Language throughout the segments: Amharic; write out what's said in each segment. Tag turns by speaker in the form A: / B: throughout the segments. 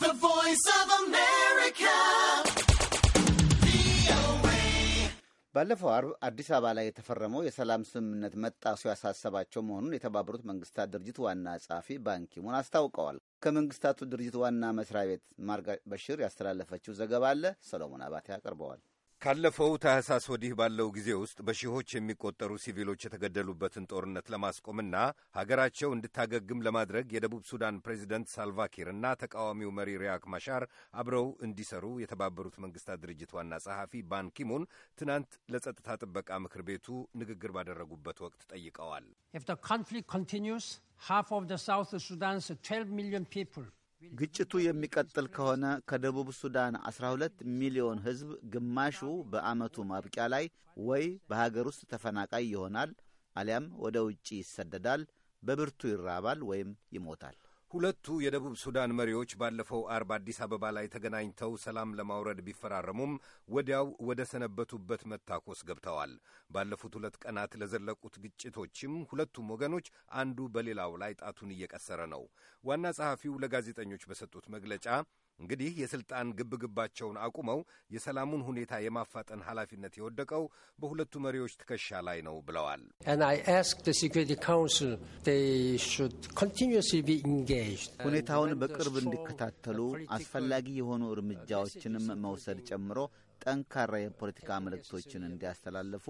A: The Voice of America. ባለፈው አርብ አዲስ አበባ ላይ የተፈረመው የሰላም ስምምነት መጣሱ ያሳሰባቸው መሆኑን የተባበሩት መንግስታት ድርጅት ዋና ጸሐፊ ባንኪሙን አስታውቀዋል። ከመንግስታቱ ድርጅት ዋና መስሪያ ቤት ማርጋ በሽር ያስተላለፈችው ዘገባ አለ። ሰሎሞን አባቴ ያቀርበዋል።
B: ካለፈው ታህሳስ ወዲህ ባለው ጊዜ ውስጥ በሺዎች የሚቆጠሩ ሲቪሎች የተገደሉበትን ጦርነት ለማስቆምና ሀገራቸው እንድታገግም ለማድረግ የደቡብ ሱዳን ፕሬዚደንት ሳልቫኪር እና ተቃዋሚው መሪ ሪያክ ማሻር አብረው እንዲሰሩ የተባበሩት መንግስታት ድርጅት ዋና ጸሐፊ ባንኪሙን ትናንት ለጸጥታ ጥበቃ ምክር ቤቱ ንግግር ባደረጉበት ወቅት ጠይቀዋል።
A: ግጭቱ የሚቀጥል ከሆነ ከደቡብ ሱዳን 12 ሚሊዮን ሕዝብ ግማሹ በዓመቱ ማብቂያ ላይ ወይ በሀገር ውስጥ ተፈናቃይ ይሆናል አሊያም ወደ ውጭ ይሰደዳል፣ በብርቱ ይራባል ወይም ይሞታል።
B: ሁለቱ የደቡብ ሱዳን መሪዎች ባለፈው አርብ አዲስ አበባ ላይ ተገናኝተው ሰላም ለማውረድ ቢፈራረሙም ወዲያው ወደ ሰነበቱበት መታኮስ ገብተዋል። ባለፉት ሁለት ቀናት ለዘለቁት ግጭቶችም ሁለቱም ወገኖች አንዱ በሌላው ላይ ጣቱን እየቀሰረ ነው። ዋና ጸሐፊው ለጋዜጠኞች በሰጡት መግለጫ እንግዲህ የሥልጣን ግብግባቸውን አቁመው የሰላሙን ሁኔታ የማፋጠን ኃላፊነት የወደቀው በሁለቱ መሪዎች ትከሻ ላይ ነው ብለዋል። ሁኔታውን በቅርብ
A: እንዲከታተሉ አስፈላጊ የሆኑ እርምጃዎችንም መውሰድ ጨምሮ ጠንካራ የፖለቲካ መልእክቶችን እንዲያስተላልፉ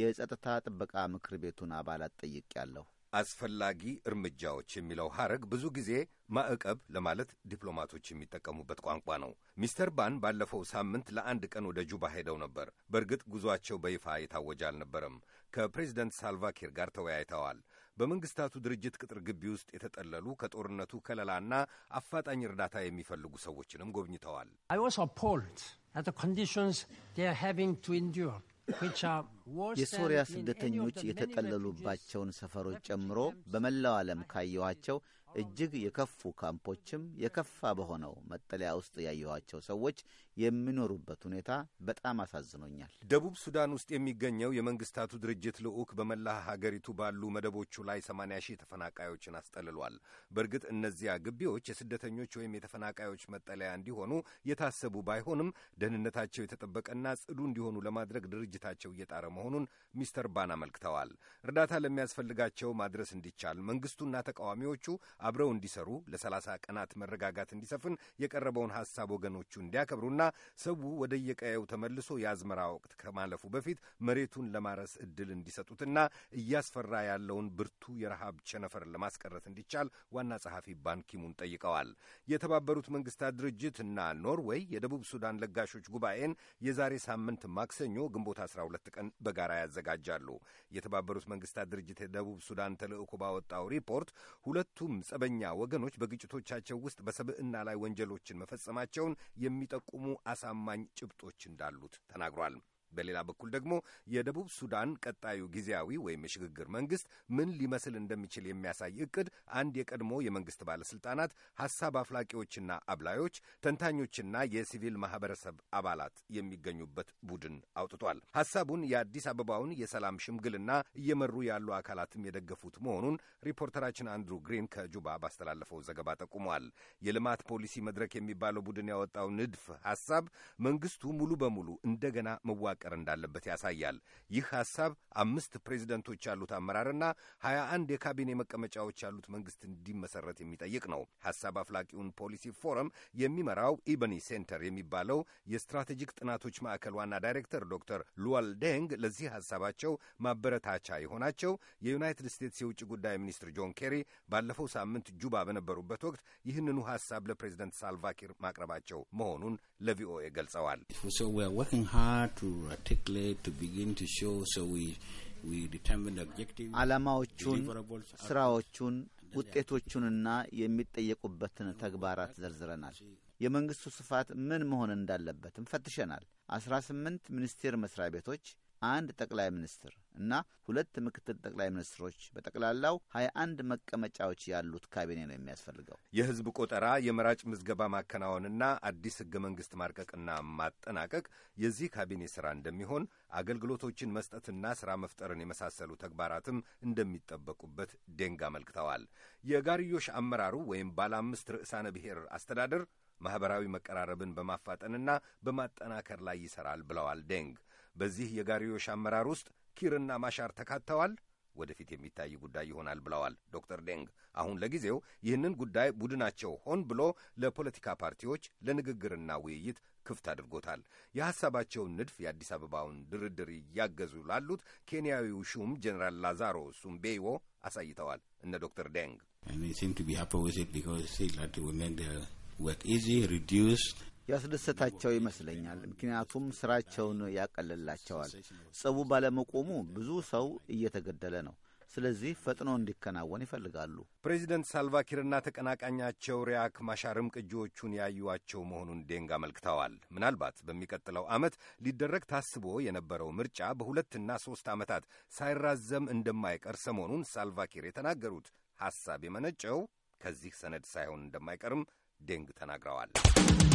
A: የጸጥታ ጥበቃ ምክር ቤቱን አባላት ጠይቄያለሁ።
B: አስፈላጊ እርምጃዎች የሚለው ሐረግ ብዙ ጊዜ ማዕቀብ ለማለት ዲፕሎማቶች የሚጠቀሙበት ቋንቋ ነው። ሚስተር ባን ባለፈው ሳምንት ለአንድ ቀን ወደ ጁባ ሄደው ነበር። በእርግጥ ጉዞቸው በይፋ የታወጀ አልነበረም። ከፕሬዚደንት ሳልቫኪር ጋር ተወያይተዋል። በመንግስታቱ ድርጅት ቅጥር ግቢ ውስጥ የተጠለሉ ከጦርነቱ ከለላና አፋጣኝ እርዳታ የሚፈልጉ
A: ሰዎችንም ጎብኝተዋል።
B: የሶሪያ ስደተኞች የተጠለሉባቸውን
A: ሰፈሮች ጨምሮ በመላው ዓለም ካየኋቸው እጅግ የከፉ ካምፖችም የከፋ በሆነው መጠለያ ውስጥ ያየኋቸው ሰዎች የሚኖሩበት ሁኔታ በጣም አሳዝኖኛል። ደቡብ ሱዳን ውስጥ የሚገኘው
B: የመንግስታቱ ድርጅት ልዑክ በመላ ሀገሪቱ ባሉ መደቦቹ ላይ 80 ሺህ ተፈናቃዮችን አስጠልሏል። በእርግጥ እነዚያ ግቢዎች የስደተኞች ወይም የተፈናቃዮች መጠለያ እንዲሆኑ የታሰቡ ባይሆንም ደህንነታቸው የተጠበቀና ጽዱ እንዲሆኑ ለማድረግ ድርጅታቸው እየጣረ መሆኑን ሚስተር ባን አመልክተዋል። እርዳታ ለሚያስፈልጋቸው ማድረስ እንዲቻል መንግስቱና ተቃዋሚዎቹ አብረው እንዲሰሩ፣ ለሰላሳ ቀናት መረጋጋት እንዲሰፍን የቀረበውን ሀሳብ ወገኖቹ እንዲያከብሩና ሰው የቀየው ተመልሶ የአዝመራ ወቅት ከማለፉ በፊት መሬቱን ለማረስ እድል እንዲሰጡትና እያስፈራ ያለውን ብርቱ የረሃብ ቸነፈር ለማስቀረት እንዲቻል ዋና ጸሐፊ ባንኪሙን ጠይቀዋል። የተባበሩት መንግስታት ድርጅት እና ኖርዌይ የደቡብ ሱዳን ለጋሾች ጉባኤን የዛሬ ሳምንት ማክሰኞ ግንቦት 12 ቀን በጋራ ያዘጋጃሉ። የተባበሩት መንግስታት ድርጅት የደቡብ ሱዳን ተልዕኮ ባወጣው ሪፖርት ሁለቱም ጸበኛ ወገኖች በግጭቶቻቸው ውስጥ በሰብዕና ላይ ወንጀሎችን መፈጸማቸውን የሚጠቁሙ አሳማኝ ጭብጦች እንዳሉት ተናግሯል። በሌላ በኩል ደግሞ የደቡብ ሱዳን ቀጣዩ ጊዜያዊ ወይም የሽግግር መንግስት ምን ሊመስል እንደሚችል የሚያሳይ እቅድ አንድ የቀድሞ የመንግስት ባለስልጣናት፣ ሀሳብ አፍላቂዎችና አብላዮች፣ ተንታኞችና የሲቪል ማህበረሰብ አባላት የሚገኙበት ቡድን አውጥቷል። ሀሳቡን የአዲስ አበባውን የሰላም ሽምግልና እየመሩ ያሉ አካላትም የደገፉት መሆኑን ሪፖርተራችን አንድሩ ግሪን ከጁባ ባስተላለፈው ዘገባ ጠቁሟል። የልማት ፖሊሲ መድረክ የሚባለው ቡድን ያወጣው ንድፍ ሀሳብ መንግስቱ ሙሉ በሙሉ እንደገና መዋቀር መፈጠር እንዳለበት ያሳያል። ይህ ሐሳብ አምስት ፕሬዚደንቶች ያሉት አመራርና ሀያ አንድ የካቢኔ መቀመጫዎች ያሉት መንግስት እንዲመሰረት የሚጠይቅ ነው። ሐሳብ አፍላቂውን ፖሊሲ ፎረም የሚመራው ኢበኒ ሴንተር የሚባለው የስትራቴጂክ ጥናቶች ማዕከል ዋና ዳይሬክተር ዶክተር ሉዋል ደንግ ለዚህ ሐሳባቸው ማበረታቻ የሆናቸው የዩናይትድ ስቴትስ የውጭ ጉዳይ ሚኒስትር ጆን ኬሪ ባለፈው ሳምንት ጁባ በነበሩበት ወቅት ይህንኑ ሐሳብ ለፕሬዚደንት ሳልቫኪር ማቅረባቸው መሆኑን ለቪኦኤ ገልጸዋል። articulate,
A: to begin to show. So we, we determine the objective, ስራዎቹን፣ ውጤቶቹንና የሚጠየቁበትን ተግባራት ዘርዝረናል። የመንግስቱ ስፋት ምን መሆን እንዳለበትም ፈትሸናል። አስራ ስምንት ሚኒስቴር መስሪያ ቤቶች አንድ ጠቅላይ ሚኒስትር እና ሁለት ምክትል ጠቅላይ ሚኒስትሮች በጠቅላላው ሀያ አንድ መቀመጫዎች ያሉት ካቢኔ ነው የሚያስፈልገው። የህዝብ ቆጠራ፣ የመራጭ ምዝገባ ማከናወንና
B: አዲስ ህገ መንግስት ማርቀቅና ማጠናቀቅ የዚህ ካቢኔ ስራ እንደሚሆን አገልግሎቶችን መስጠትና ስራ መፍጠርን የመሳሰሉ ተግባራትም እንደሚጠበቁበት ዴንግ አመልክተዋል። የጋርዮሽ አመራሩ ወይም ባለ አምስት ርዕሳነ ብሔር አስተዳደር ማህበራዊ መቀራረብን በማፋጠንና በማጠናከር ላይ ይሰራል ብለዋል ዴንግ። በዚህ የጋሪዮሽ አመራር ውስጥ ኪርና ማሻር ተካተዋል። ወደፊት የሚታይ ጉዳይ ይሆናል ብለዋል ዶክተር ዴንግ። አሁን ለጊዜው ይህንን ጉዳይ ቡድናቸው ሆን ብሎ ለፖለቲካ ፓርቲዎች ለንግግርና ውይይት ክፍት አድርጎታል። የሐሳባቸውን ንድፍ የአዲስ አበባውን ድርድር እያገዙ ላሉት ኬንያዊው ሹም ጀኔራል ላዛሮ ሱምቤይዎ አሳይተዋል
A: እነ ዶክተር ዴንግ ያስደሰታቸው ይመስለኛል። ምክንያቱም ስራቸውን ያቀልላቸዋል። ጸቡ ባለመቆሙ ብዙ ሰው እየተገደለ ነው። ስለዚህ ፈጥኖ እንዲከናወን
B: ይፈልጋሉ። ፕሬዚደንት ሳልቫኪርና ተቀናቃኛቸው ሪያክ ማሻርም ቅጂዎቹን ያዩዋቸው መሆኑን ዴንግ አመልክተዋል። ምናልባት በሚቀጥለው ዓመት ሊደረግ ታስቦ የነበረው ምርጫ በሁለትና ሦስት ዓመታት ሳይራዘም እንደማይቀር ሰሞኑን ሳልቫኪር የተናገሩት ሐሳብ የመነጨው ከዚህ ሰነድ ሳይሆን እንደማይቀርም ዴንግ ተናግረዋል።